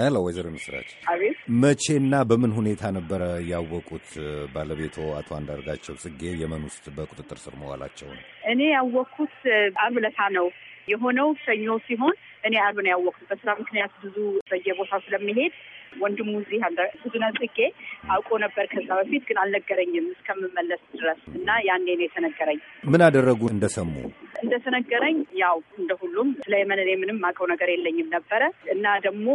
ሄሎ ወይዘሮ ምስራች አቤት። መቼና በምን ሁኔታ ነበረ ያወቁት ባለቤቶ አቶ አንዳርጋቸው ጽጌ የመን ውስጥ በቁጥጥር ስር መዋላቸው ነው? እኔ ያወቅኩት አርብ ለታ ነው የሆነው። ሰኞ ሲሆን እኔ አርብ ነው ያወቅኩት። በስራ ምክንያት ብዙ በየቦታው ስለሚሄድ ወንድሙ እዚህ ብዙነ ጽጌ አውቆ ነበር ከዛ በፊት ግን አልነገረኝም እስከምመለስ ድረስ እና ያኔ ነው የተነገረኝ። ምን አደረጉ እንደሰሙ? እንደተነገረኝ ያው እንደ ሁሉም ስለ የመን እኔ ምንም ማውቀው ነገር የለኝም ነበረ እና ደግሞ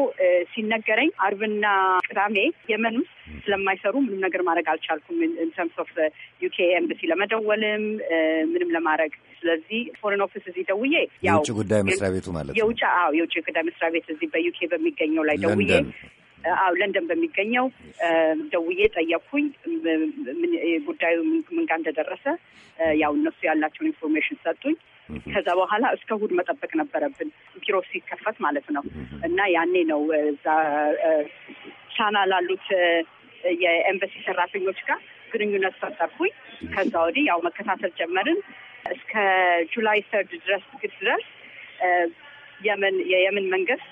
ሲነገረኝ አርብና ቅዳሜ የመን ውስጥ ስለማይሰሩ ምንም ነገር ማድረግ አልቻልኩም። ኢንተርምስ ኦፍ ዩኬ ኤምባሲ ለመደወልም ምንም ለማድረግ ስለዚህ ፎሬን ኦፊስ እዚህ ደውዬ የውጭ ጉዳይ መስሪያ ቤቱ ማለት ነው የውጭ የውጭ ጉዳይ መስሪያ ቤት እዚህ በዩኬ በሚገኘው ላይ ደውዬ አዎ ለንደን በሚገኘው ደውዬ ጠየቅኩኝ። ጉዳዩ ምን ጋር እንደደረሰ ያው እነሱ ያላቸውን ኢንፎርሜሽን ሰጡኝ። ከዛ በኋላ እስከ እሑድ መጠበቅ ነበረብን ቢሮ ሲከፈት ማለት ነው። እና ያኔ ነው እዛ ቻና ላሉት የኤምበሲ ሰራተኞች ጋር ግንኙነት ፈጠርኩኝ። ከዛ ወዲህ ያው መከታተል ጀመርን እስከ ጁላይ ሰርድ ድረስ ድረስ የመን የየመን መንግስት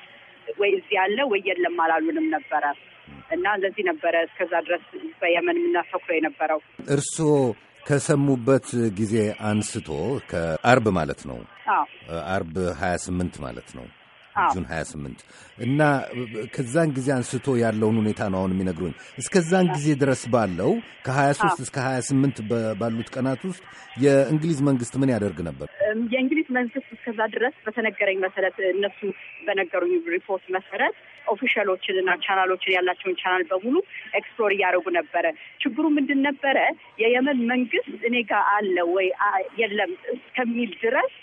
ወይ እዚህ ያለ ወይ የለም አላሉንም ነበረ እና እንደዚህ ነበረ እስከዛ ድረስ በየመን የምናተኩሮ የነበረው እርስዎ ከሰሙበት ጊዜ አንስቶ ከአርብ ማለት ነው አርብ ሀያ ስምንት ማለት ነው ጁን 28 እና ከዛን ጊዜ አንስቶ ያለውን ሁኔታ ነው አሁን የሚነግሩኝ። እስከዛን ጊዜ ድረስ ባለው ከ23 እስከ 28 ባሉት ቀናት ውስጥ የእንግሊዝ መንግስት ምን ያደርግ ነበር? የእንግሊዝ መንግስት እስከዛ ድረስ በተነገረኝ መሰረት እነሱ በነገሩኝ ሪፖርት መሰረት ኦፊሻሎችን እና ቻናሎችን ያላቸውን ቻናል በሙሉ ኤክስፕሎር እያደረጉ ነበረ። ችግሩ ምንድን ነበረ? የየመን መንግስት እኔ ጋር አለ ወይ የለም እስከሚል ድረስ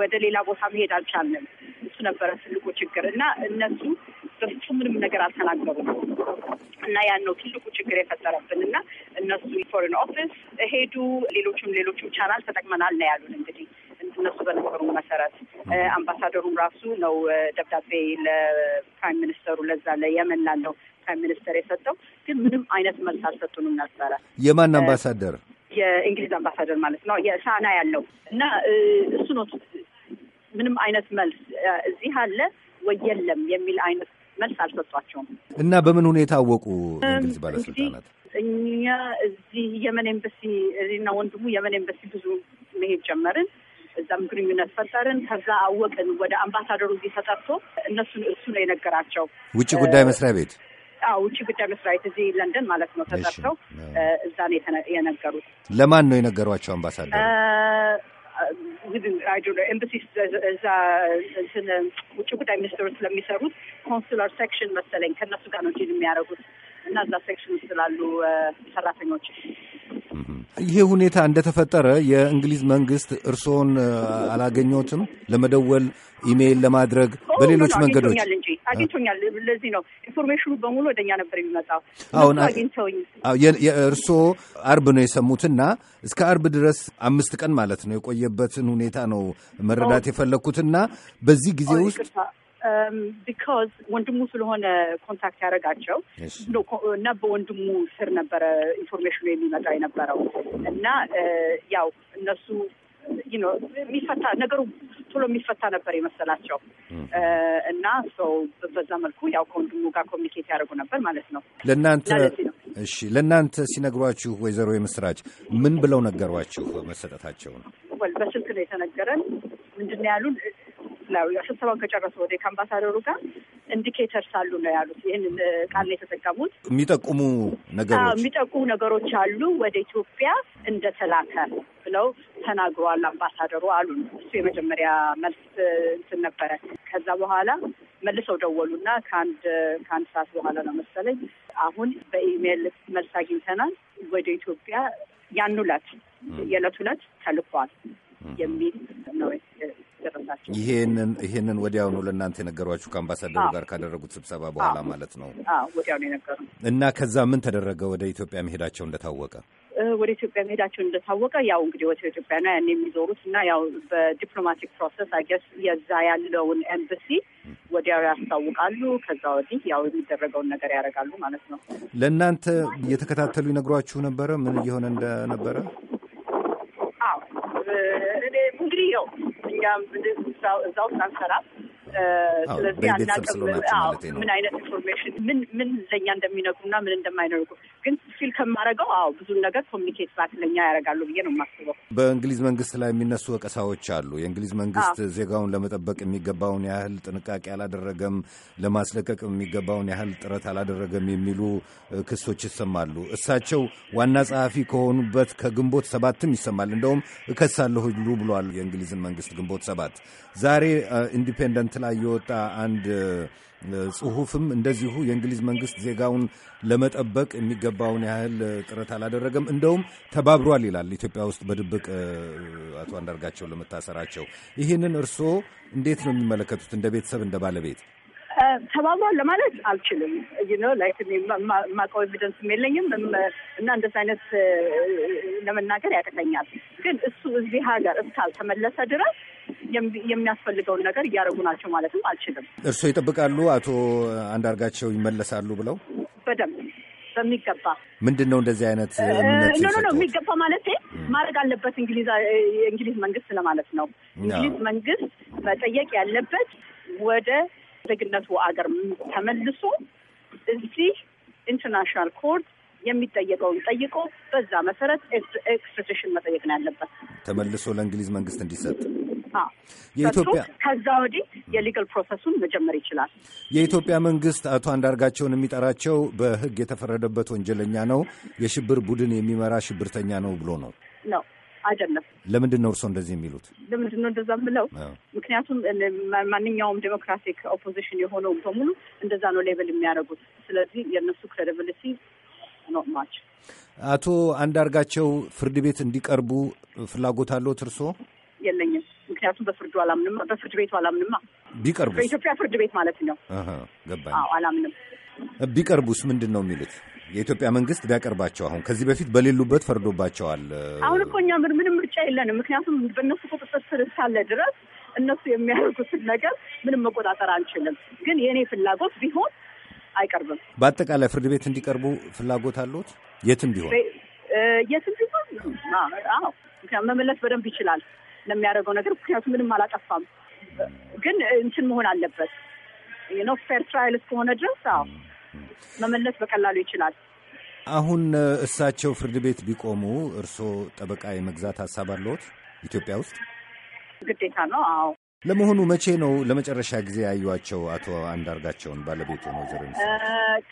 ወደ ሌላ ቦታ መሄድ አልቻልንም። እሱ ነበረ ትልቁ ችግር እና እነሱ በፍጹም ምንም ነገር አልተናገሩም እና ያን ነው ትልቁ ችግር የፈጠረብን እና እነሱ ፎሬን ኦፊስ ሄዱ። ሌሎችም ሌሎችም ቻናል ተጠቅመናል ነው ያሉን እንግዲህ እነሱ በነበሩ መሰረት አምባሳደሩም ራሱ ነው ደብዳቤ ለፕራይም ሚኒስተሩ ለዛ ለየመን ላለው ፕራይም ሚኒስተር የሰጠው ግን ምንም አይነት መልስ አልሰጡንም ነበረ። የማን አምባሳደር የእንግሊዝ አምባሳደር ማለት ነው የሻና ያለው እና እሱ ነው ምንም አይነት መልስ እዚህ አለ ወይ የለም የሚል አይነት መልስ አልሰጧቸውም። እና በምን ሁኔታ አወቁ እንግሊዝ ባለስልጣናት? እኛ እዚህ የመን ኤምበሲ እኔና ወንድሙ የመን ኤምበሲ ብዙ መሄድ ጀመርን። እዛም ግንኙነት ፈጠርን። ከዛ አወቅን ወደ አምባሳደሩ እዚህ ተጠርቶ እነሱን እሱ ነው የነገራቸው ውጭ ጉዳይ መስሪያ ቤት አዎ ውጭ ጉዳይ መስሪያ ቤት እዚህ ለንደን ማለት ነው ተጠርተው እዛ ነው የነገሩት። ለማን ነው የነገሯቸው? አምባሳደሩ ኤምባሲ እዛ ውጭ ጉዳይ ሚኒስትሩ ስለሚሰሩት ኮንስላር ሴክሽን መሰለኝ ከእነሱ ጋር ነው የሚያደርጉት እና እዛ ሴክሽን ስላሉ ሰራተኞች ይሄ ሁኔታ እንደተፈጠረ የእንግሊዝ መንግስት እርስዎን አላገኘትም? ለመደወል ኢሜይል ለማድረግ በሌሎች መንገዶች አግኝቶኛል። ለዚህ ነው ኢንፎርሜሽኑ በሙሉ ወደኛ ነበር የሚመጣው። አግኝተውኝ አርብ ነው የሰሙትና እስከ አርብ ድረስ አምስት ቀን ማለት ነው የቆየበትን ሁኔታ ነው መረዳት የፈለግኩትና በዚህ ጊዜ ውስጥ ቢካዝ um, ወንድሙ ስለሆነ ኮንታክት ያደረጋቸው እና በወንድሙ ስር ነበረ ኢንፎርሜሽኑ የሚመጣ የነበረው እና uh, ያው እነሱ የሚፈታ ነገሩ ቶሎ የሚፈታ ነበር የመሰላቸው hmm. uh, እና ሰው በዛ መልኩ ያው ከወንድሙ ጋር ኮሚኒኬት ያደርጉ ነበር ማለት ነው። ለእናንተ እሺ፣ ለእናንተ ሲነግሯችሁ ወይዘሮ የምስራች ምን ብለው ነገሯችሁ መሰጠታቸው ነው? በስልክ ነው የተነገረን። ምንድን ነው ያሉን ነው ስብሰባውን ከጨረሱ ወደ ከአምባሳደሩ ጋር ኢንዲኬተርስ አሉ ነው ያሉት። ይህን ቃል ነው የተጠቀሙት። የሚጠቁሙ ነገሮች የሚጠቁሙ ነገሮች አሉ ወደ ኢትዮጵያ እንደተላከ ብለው ተናግሯል አምባሳደሩ አሉ። እሱ የመጀመሪያ መልስ እንትን ነበረ። ከዛ በኋላ መልሰው ደወሉና ከአንድ ከአንድ ሰዓት በኋላ ነው መሰለኝ አሁን በኢሜይል መልስ አግኝተናል ወደ ኢትዮጵያ ያን ዕለት የዕለት ዕለት ተልኳል የሚል ነው ይሄንን ይሄንን ወዲያውኑ ለእናንተ የነገሯችሁ ከአምባሳደሩ ጋር ካደረጉት ስብሰባ በኋላ ማለት ነው? ወዲያውኑ የነገሩ እና ከዛ ምን ተደረገ? ወደ ኢትዮጵያ መሄዳቸው እንደታወቀ ወደ ኢትዮጵያ መሄዳቸው እንደታወቀ ያው እንግዲህ ወደ ኢትዮጵያ ነው ያን የሚዞሩት እና ያው በዲፕሎማቲክ ፕሮሰስ አገስ የዛ ያለውን ኤምባሲ ወዲያው ያስታውቃሉ። ከዛ ወዲህ ያው የሚደረገውን ነገር ያደርጋሉ ማለት ነው። ለእናንተ እየተከታተሉ ይነግሯችሁ ነበረ ምን እየሆነ እንደነበረ እዛ ውስጥ አንሰራም። ስለዚህ አናውቅም ምን አይነት ኢንፎርሜሽን ምን ምን ለእኛ እንደሚነግሩና ምን እንደማይነግሩ ግን ፊል ከማረገው አዎ ብዙ ነገር ኮሚኒኬት ባክ ለእኛ ያደርጋሉ ብዬ ነው የማስበው። በእንግሊዝ መንግስት ላይ የሚነሱ ወቀሳዎች አሉ። የእንግሊዝ መንግስት ዜጋውን ለመጠበቅ የሚገባውን ያህል ጥንቃቄ አላደረገም፣ ለማስለቀቅ የሚገባውን ያህል ጥረት አላደረገም የሚሉ ክሶች ይሰማሉ። እሳቸው ዋና ጸሐፊ ከሆኑበት ከግንቦት ሰባትም ይሰማል። እንደውም እከሳለሁ ሁሉ ብሏል የእንግሊዝን መንግስት ግንቦት ሰባት። ዛሬ ኢንዲፔንደንት ላይ የወጣ አንድ ጽሁፍም እንደዚሁ የእንግሊዝ መንግስት ዜጋውን ለመጠበቅ የሚገባውን ያህል ጥረት አላደረገም፣ እንደውም ተባብሯል ይላል ኢትዮጵያ ውስጥ በድብቅ አቶ አንዳርጋቸው ለመታሰራቸው። ይህንን እርስዎ እንዴት ነው የሚመለከቱት? እንደ ቤተሰብ እንደ ባለቤት ተባብሯል ለማለት አልችልም። ላይክ ኤቪደንስም የለኝም እና እንደዚህ አይነት ለመናገር ያቅተኛል። ግን እሱ እዚህ ሀገር እስካልተመለሰ ድረስ የሚያስፈልገውን ነገር እያደረጉ ናቸው ማለትም አልችልም። እርስዎ ይጠብቃሉ አቶ አንዳርጋቸው ይመለሳሉ ብለው በደንብ በሚገባ ምንድን ነው እንደዚህ አይነት ነው የሚገባ ማለት ማድረግ አለበት እንግሊዝ የእንግሊዝ መንግስት ለማለት ነው። እንግሊዝ መንግስት መጠየቅ ያለበት ወደ ዜግነቱ አገር ተመልሶ እዚህ ኢንተርናሽናል ኮርት የሚጠየቀውን ጠይቆ በዛ መሰረት ኤክስትራዲሽን መጠየቅ ነው ያለበት፣ ተመልሶ ለእንግሊዝ መንግስት እንዲሰጥ የኢትዮጵያ ከዛ ወዲህ የሊጋል ፕሮሰሱን መጀመር ይችላል። የኢትዮጵያ መንግስት አቶ አንዳርጋቸውን የሚጠራቸው በህግ የተፈረደበት ወንጀለኛ ነው፣ የሽብር ቡድን የሚመራ ሽብርተኛ ነው ብሎ ነው ነው አይደለም። ለምንድን ነው እርስዎ እንደዚህ የሚሉት? ለምንድን ነው እንደዛ ምለው? ምክንያቱም ማንኛውም ዴሞክራቲክ ኦፖዚሽን የሆነው በሙሉ እንደዛ ነው ሌብል የሚያደርጉት። ስለዚህ የእነሱ ክሬዲቢሊቲ ኖት ማች። አቶ አንዳርጋቸው ፍርድ ቤት እንዲቀርቡ ፍላጎት አለዎት እርስዎ? የለኝም። ምክንያቱም በፍርዱ አላምንም፣ በፍርድ ቤቱ አላምንማ። ቢቀርቡስ በኢትዮጵያ ፍርድ ቤት ማለት ነው። ገባኝ። አላምንም። ቢቀርቡስ ምንድን ነው የሚሉት? የኢትዮጵያ መንግስት ቢያቀርባቸው አሁን ከዚህ በፊት በሌሉበት ፈርዶባቸዋል። አሁን እኮ እኛ ምንም ምርጫ የለንም፣ ምክንያቱም በእነሱ ቁጥጥር ስር እስካለ ድረስ እነሱ የሚያደርጉትን ነገር ምንም መቆጣጠር አንችልም። ግን የእኔ ፍላጎት ቢሆን አይቀርብም። በአጠቃላይ ፍርድ ቤት እንዲቀርቡ ፍላጎት አለሁት። የትም ቢሆን የትም ቢሆን ምክንያቱም መመለስ በደንብ ይችላል። ለሚያደርገው ነገር ምክንያቱም ምንም አላጠፋም። ግን እንትን መሆን አለበት ነው ፌር ትራይል እስከሆነ ድረስ መመለስ በቀላሉ ይችላል። አሁን እሳቸው ፍርድ ቤት ቢቆሙ እርስዎ ጠበቃ የመግዛት ሀሳብ አለዎት? ኢትዮጵያ ውስጥ ግዴታ ነው። አዎ ለመሆኑ መቼ ነው ለመጨረሻ ጊዜ ያዩቸው አቶ አንዳርጋቸውን ባለቤቱ ነው ወይዘሮ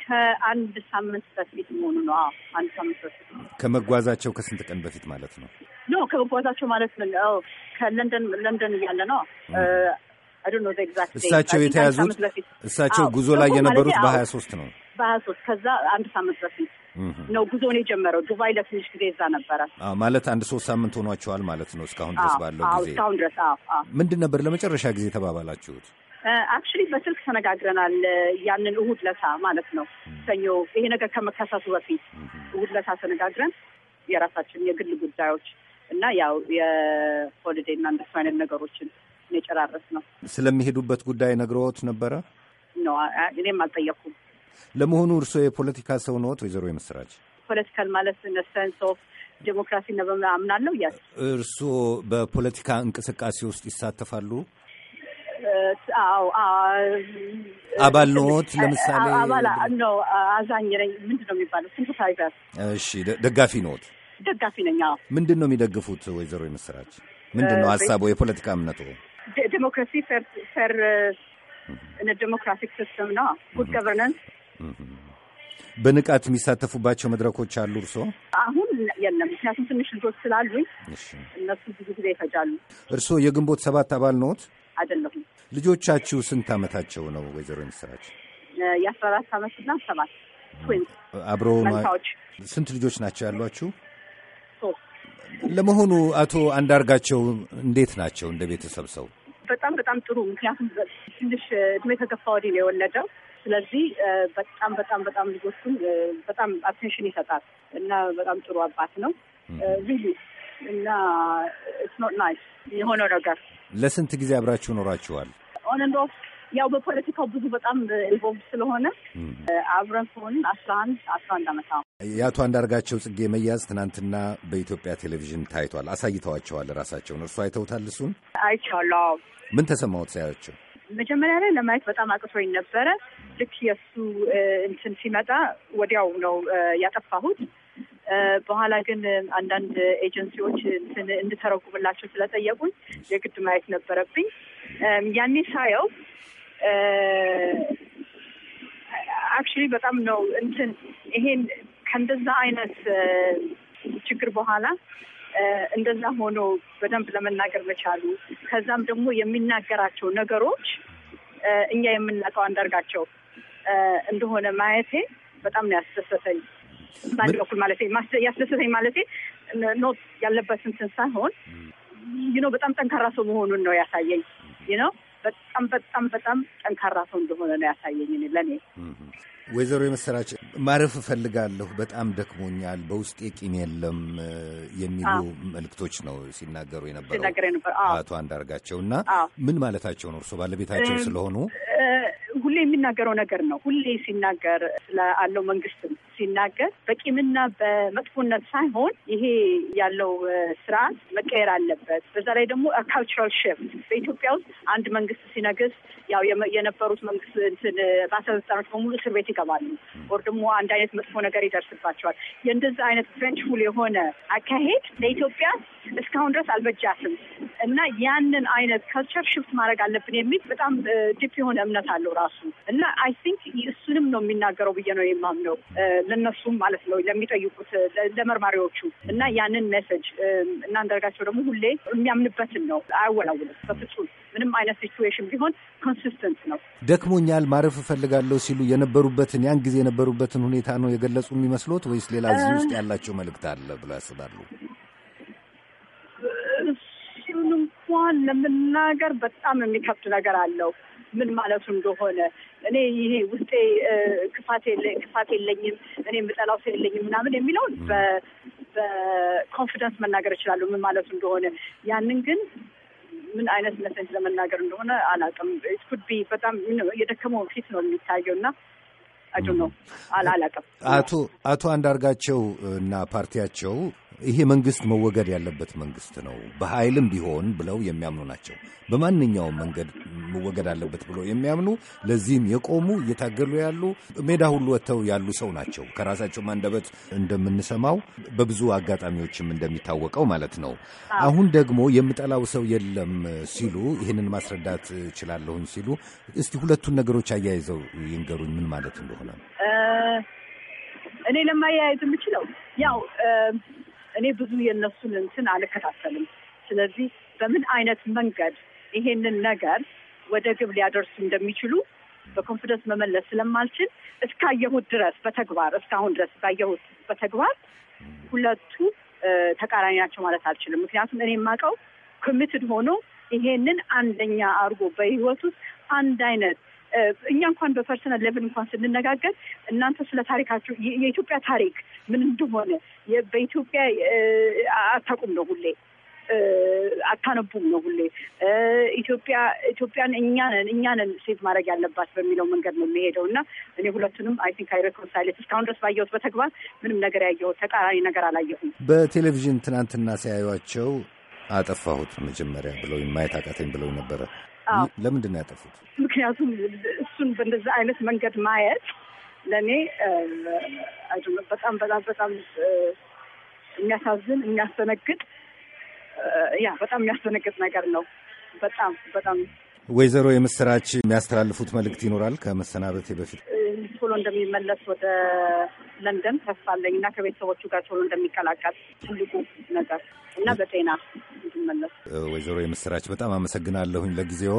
ከአንድ ሳምንት በፊት መሆኑ ነው? አንድ ሳምንት በፊት ከመጓዛቸው ከስንት ቀን በፊት ማለት ነው? ኖ ከመጓዛቸው ማለት ነው ከለንደን ለንደን እያለ ነው እሳቸው የተያዙት እሳቸው ጉዞ ላይ የነበሩት በሀያ ሶስት ነው በሀያ ሶስት ከዛ አንድ ሳምንት በፊት ነው ጉዞን የጀመረው። ዱባይ ለትንሽ ጊዜ እዛ ነበረ ማለት አንድ ሶስት ሳምንት ሆኗቸዋል ማለት ነው እስካሁን ድረስ ባለው ጊዜ። እስካሁን ድረስ ምንድን ነበር ለመጨረሻ ጊዜ ተባባላችሁት? አክቹሊ በስልክ ተነጋግረናል። ያንን እሁድ ለታ ማለት ነው ሰኞ፣ ይሄ ነገር ከመከሰቱ በፊት እሁድ ለታ ተነጋግረን የራሳችን የግል ጉዳዮች እና ያው የሆሊዴ እና እንደሱ አይነት ነገሮችን የጨራረስ ነው። ስለሚሄዱበት ጉዳይ ነግረዎት ነበረ? እኔም አልጠየኩም። ለመሆኑ እርስዎ የፖለቲካ ሰው ነዎት ወይዘሮ የምስራች? ፖለቲካል ማለት ነሰንስ ኦፍ ዴሞክራሲ ነው በምናምናለው ያ እርስዎ በፖለቲካ እንቅስቃሴ ውስጥ ይሳተፋሉ? አባል ነዎት? ለምሳሌ ነው አዛኝ ነኝ። ምንድን ነው የሚባለው? ሲምፐታይዘ። እሺ፣ ደጋፊ ነዎት? ደጋፊ ነኝ። ምንድን ነው የሚደግፉት ወይዘሮ የምስራች? ምንድን ነው ሀሳቡ? የፖለቲካ እምነቱ ዴሞክራሲ፣ ፈር ዴሞክራቲክ ሲስተም ነው፣ ጉድ ገቨርናንስ በንቃት የሚሳተፉባቸው መድረኮች አሉ እርስዎ? አሁን የለም፣ ምክንያቱም ትንሽ ልጆች ስላሉኝ እነሱ ብዙ ጊዜ ይፈጃሉ። እርስዎ የግንቦት ሰባት አባል ነዎት? አይደለሁም። ልጆቻችሁ ስንት ዓመታቸው ነው ወይዘሮ ምስራች? የአስራ አራት ዓመትና ሰባት አብሮ ስንት ልጆች ናቸው ያሏችሁ? ለመሆኑ አቶ አንዳርጋቸው እንዴት ናቸው እንደ ቤተሰብ ሰው? በጣም በጣም ጥሩ። ምክንያቱም ትንሽ እድሜ ተገፋ ወዲህ ነው የወለደው ስለዚህ በጣም በጣም በጣም ልጆቹን በጣም አቴንሽን ይሰጣል እና በጣም ጥሩ አባት ነው ሪሊ እና ኢትስ ኖት ናይስ የሆነው ነገር። ለስንት ጊዜ አብራችሁ ኖራችኋል? ኦን ኤንድ ኦፍ ያው በፖለቲካው ብዙ በጣም ኢንቮልቭ ስለሆነ አብረን ከሆንን አስራ አንድ አስራ አንድ ዓመት ነው። የአቶ አንዳርጋቸው ጽጌ መያዝ ትናንትና በኢትዮጵያ ቴሌቪዥን ታይቷል። አሳይተዋቸዋል ራሳቸውን። እርሱ አይተውታል? እሱን አይቼዋለሁ። ምን ተሰማዎት ሳያቸው? መጀመሪያ ላይ ለማየት በጣም አቅቶኝ ነበረ። ልክ የእሱ እንትን ሲመጣ ወዲያው ነው ያጠፋሁት። በኋላ ግን አንዳንድ ኤጀንሲዎች እንትን እንድተረጉምላቸው ስለጠየቁኝ የግድ ማየት ነበረብኝ። ያኔ ሳየው አክቹዋሊ በጣም ነው እንትን ይሄን ከእንደዛ አይነት ችግር በኋላ እንደዛ ሆኖ በደንብ ለመናገር መቻሉ ከዛም ደግሞ የሚናገራቸው ነገሮች እኛ የምናውቀው አንዳርጋቸው እንደሆነ ማየቴ በጣም ነው ያስደሰተኝ። በአንድ በኩል ማለት ያስደሰተኝ ማለት ኖት ያለበት እንትን ሳይሆን ይኖ በጣም ጠንካራ ሰው መሆኑን ነው ያሳየኝ። ይነው በጣም በጣም በጣም ጠንካራ ሰው እንደሆነ ነው ያሳየኝ ለእኔ ወይዘሮ የመሰራች ማረፍ እፈልጋለሁ፣ በጣም ደክሞኛል፣ በውስጤ ቂም የለም የሚሉ መልክቶች ነው ሲናገሩ የነበረው አቶ አንዳርጋቸው እና ምን ማለታቸው ነው እርሶ ባለቤታቸው ስለሆኑ ሁሌ የሚናገረው ነገር ነው። ሁሌ ሲናገር ስለአለው መንግስትም ሲናገር በቂምና በመጥፎነት ሳይሆን ይሄ ያለው ስርዓት መቀየር አለበት። በዛ ላይ ደግሞ ካልቸራል ሽፍት በኢትዮጵያ ውስጥ አንድ መንግስት ሲነግስ ያው የነበሩት መንግስት እንትን ባለስልጣኖች በሙሉ እስር ቤት ይገባሉ፣ ወር ደግሞ አንድ አይነት መጥፎ ነገር ይደርስባቸዋል። የእንደዚህ አይነት ቬንጅፉል የሆነ አካሄድ ለኢትዮጵያ እስካሁን ድረስ አልበጃትም እና ያንን አይነት ካልቸር ሽፍት ማድረግ አለብን የሚል በጣም ዲፕ የሆነ እምነት አለው ራሱ እና አይ ቲንክ እሱንም ነው የሚናገረው ብዬ ነው የማምነው ለነሱም ማለት ነው ለሚጠይቁት ለመርማሪዎቹ እና ያንን ሜሴጅ እና ደግሞ ሁሌ የሚያምንበትን ነው አያወላውልም በፍጹም ምንም አይነት ሲትዌሽን ቢሆን ኮንሲስተንት ነው። ደክሞኛል ማረፍ እፈልጋለሁ ሲሉ የነበሩበትን ያን ጊዜ የነበሩበትን ሁኔታ ነው የገለጹ የሚመስሎት ወይስ ሌላ እዚህ ውስጥ ያላቸው መልእክት አለ ብለው ያስባሉ? እሱን እንኳን ለመናገር በጣም የሚከብድ ነገር አለው። ምን ማለቱ እንደሆነ እኔ ይሄ ውስጤ ክፋት ክፋት የለኝም እኔ የምጠላው ሰው የለኝም ምናምን የሚለውን በኮንፊደንስ መናገር እችላለሁ፣ ምን ማለቱ እንደሆነ። ያንን ግን ምን አይነት መሰንጅ ለመናገር እንደሆነ አላውቅም። ቢ በጣም የደከመው ፊት ነው የሚታየው እና አቶ አቶ አንዳርጋቸው እና ፓርቲያቸው ይሄ መንግስት መወገድ ያለበት መንግስት ነው በኃይልም ቢሆን ብለው የሚያምኑ ናቸው። በማንኛውም መንገድ መወገድ አለበት ብለው የሚያምኑ ለዚህም የቆሙ እየታገሉ ያሉ ሜዳ ሁሉ ወጥተው ያሉ ሰው ናቸው። ከራሳቸው አንደበት እንደምንሰማው በብዙ አጋጣሚዎችም እንደሚታወቀው ማለት ነው። አሁን ደግሞ የምጠላው ሰው የለም ሲሉ ይህንን ማስረዳት እችላለሁኝ ሲሉ እስቲ ሁለቱን ነገሮች አያይዘው ይንገሩኝ ምን ማለት እንደሆነ እኔ ለማያያዝ የምችለው ያው እኔ ብዙ የእነሱን እንትን አልከታተልም። ስለዚህ በምን አይነት መንገድ ይሄንን ነገር ወደ ግብ ሊያደርሱ እንደሚችሉ በኮንፊደንስ መመለስ ስለማልችል እስካየሁት ድረስ በተግባር እስካሁን ድረስ ባየሁት በተግባር ሁለቱ ተቃራኒ ናቸው ማለት አልችልም። ምክንያቱም እኔ የማውቀው ኮሚትድ ሆኖ ይሄንን አንደኛ አድርጎ በህይወት ውስጥ አንድ አይነት እኛ እንኳን በፐርሰናል ሌቭል እንኳን ስንነጋገር እናንተ ስለ ታሪካችሁ የኢትዮጵያ ታሪክ ምን እንደሆነ በኢትዮጵያ አታውቁም ነው ሁሌ አታነቡም ነው ሁሌ። ኢትዮጵያ ኢትዮጵያን እኛ ነን ሴት ማድረግ ያለባት በሚለው መንገድ ነው የሚሄደው እና እኔ ሁለቱንም አይ ቲንክ አይ ሬኮንሳይሌት እስካሁን ድረስ ባየሁት በተግባር ምንም ነገር ያየሁት ተቃራኒ ነገር አላየሁም። በቴሌቪዥን ትናንትና ሲያዩቸው አጠፋሁት መጀመሪያ ብለው ማየት አቃተኝ ብለው ነበረ። ለምንድን ነው ያጠፉት? ምክንያቱም እሱን በእንደዚህ አይነት መንገድ ማየት ለእኔ በጣም በጣም በጣም የሚያሳዝን የሚያስደነግጥ ያ በጣም የሚያስደነግጥ ነገር ነው። በጣም በጣም ወይዘሮ የምስራች የሚያስተላልፉት መልእክት ይኖራል ከመሰናበቴ በፊት? ቶሎ እንደሚመለስ ወደ ለንደን ተስፋ አለኝ እና ከቤተሰቦቹ ጋር ቶሎ እንደሚቀላቀል ትልቁ ነገር እና በጤና እንዲመለስ። ወይዘሮ የምስራች በጣም አመሰግናለሁኝ ለጊዜው።